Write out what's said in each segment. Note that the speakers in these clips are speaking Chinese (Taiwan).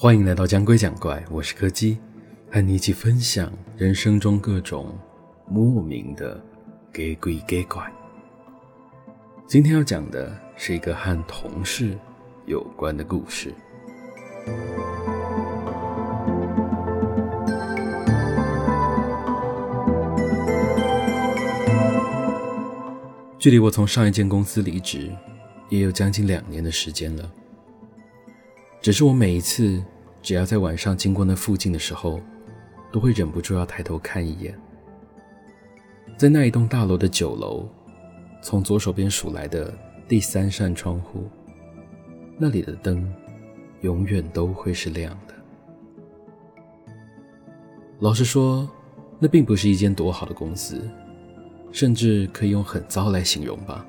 歡迎來到講鬼講怪，我是柯基，和你一起分享人生中各種莫名的假鬼假怪。今天要講的是一個和同事有關的故事。距離我從上一間公司離職，也有將近兩年的時間了。只是我每一次只要在晚上經過那附近的時候，都會忍不住要抬頭看一眼。在那一棟大樓的九樓，從左手邊數來的第三扇窗戶，那裡的燈永遠都會是亮的。老實說，那並不是一間多好的公司，甚至可以用很糟來形容吧。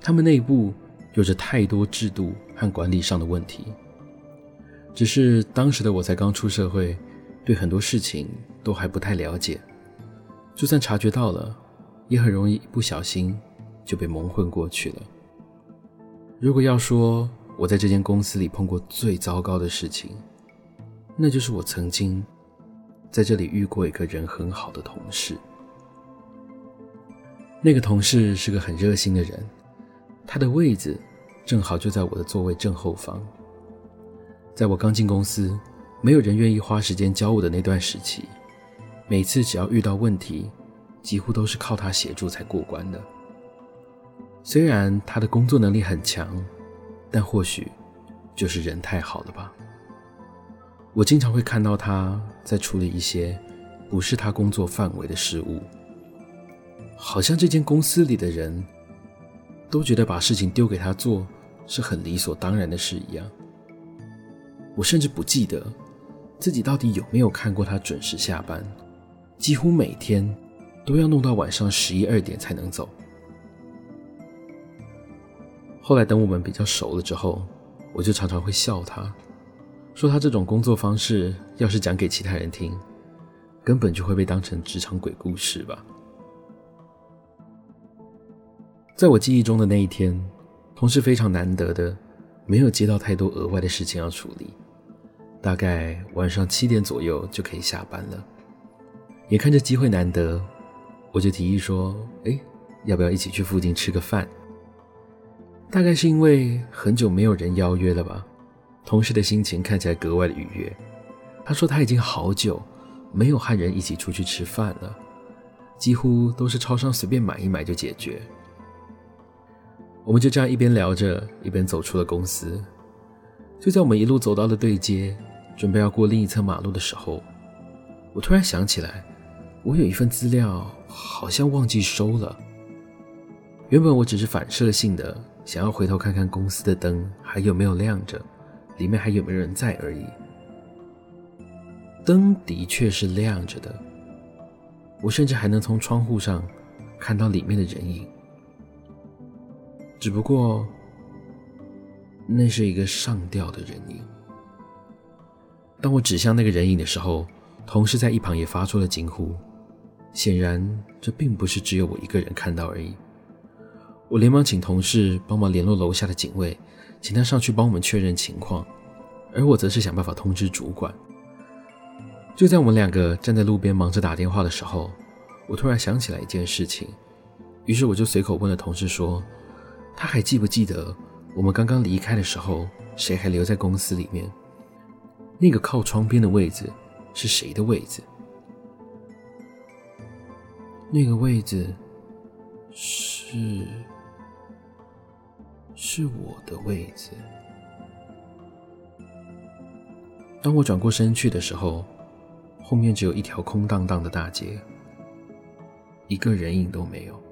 他們內部有着太多制度和管理上的問題。只是當時的我才剛出社會，對很多事情都還不太了解。就算察覺到了，也很容易一不小心就被蒙混過去了。如果要說我在這間公司裡碰過最糟糕的事情，那就是我曾經在這裡遇過一個人很好的同事。那個同事是個很熱心的人，他的位子正好就在我的座位正後方。在我剛進公司，沒有人願意花時間教我的那段時期，每次只要遇到問題，幾乎都是靠他協助才過關的。雖然他的工作能力很強，但或許就是人太好了吧。我經常會看到他在處理一些不是他工作範圍的事務，好像這間公司裡的人都覺得把事情丟給他做是很理所當然的事一樣。我甚至不記得自己到底有沒有看過他準時下班，幾乎每天都要弄到晚上十一二點才能走。後來等我們比較熟了之後，我就常常會笑他，說他這種工作方式要是講給其他人聽，根本就會被當成職場鬼故事吧。在我記憶中的那一天，同事非常難得的。沒有接到太多額外的事情要處理，大概晚上七點左右就可以下班了。眼看着機會難得，我就提議說：“哎，要不要一起去附近吃個飯？”大概是因為很久沒有人邀約了吧，同事的心情看起來格外的愉悅。他說他已經好久沒有和人一起出去吃飯了，幾乎都是超商隨便買一買就解決。我們就這樣一邊聊着，一邊走出了公司。就在我們一路走到了對街，準備要過另一側馬路的時候，我突然想起來，我有一份資料好像忘記收了。原本我只是反射性的想要回頭看看公司的燈還有沒有亮着，裡面還有沒有人在而已。燈的確是亮着的，我甚至還能從窗戶上看到裡面的人影。只不過，那是一個上吊的人影。當我指向那個人影的時候，同事在一旁也發出了驚呼。顯然，這並不是只有我一個人看到而已。我連忙請同事幫忙聯絡樓下的警衛，請他上去幫我們確認情況，而我則是想辦法通知主管。就在我們兩個站在路邊忙着打電話的時候，我突然想起來一件事情，於是我就隨口問了同事說。他還記不記得我們剛剛離開的時候，誰還留在公司裡面？那個靠窗邊的位子是誰的位子？那個位置是是我的位置。當我轉過身去的時候，後面只有一條空蕩蕩的大街，一個人影都沒有。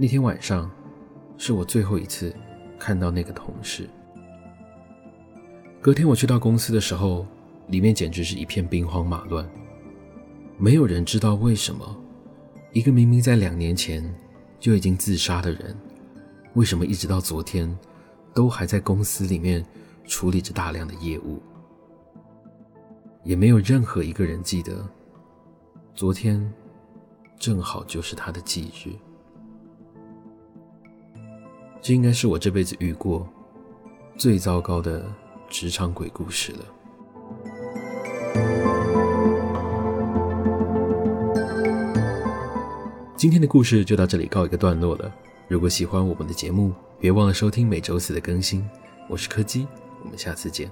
那天晚上，是我最後一次看到那個同事。隔天我去到公司的時候，裡面簡直是一片兵荒馬亂。沒有人知道為什麼，一個明明在兩年前就已經自殺的人，為什麼一直到昨天，都還在公司裡面處理着大量的業務？也沒有任何一個人記得，昨天正好就是他的忌日。這應該是我這輩子遇過最糟糕的職場鬼故事了。今天的故事就到這裡告一個段落了。如果喜歡我們的節目，別忘了收聽每周四的更新。我是柯基，我們下次見。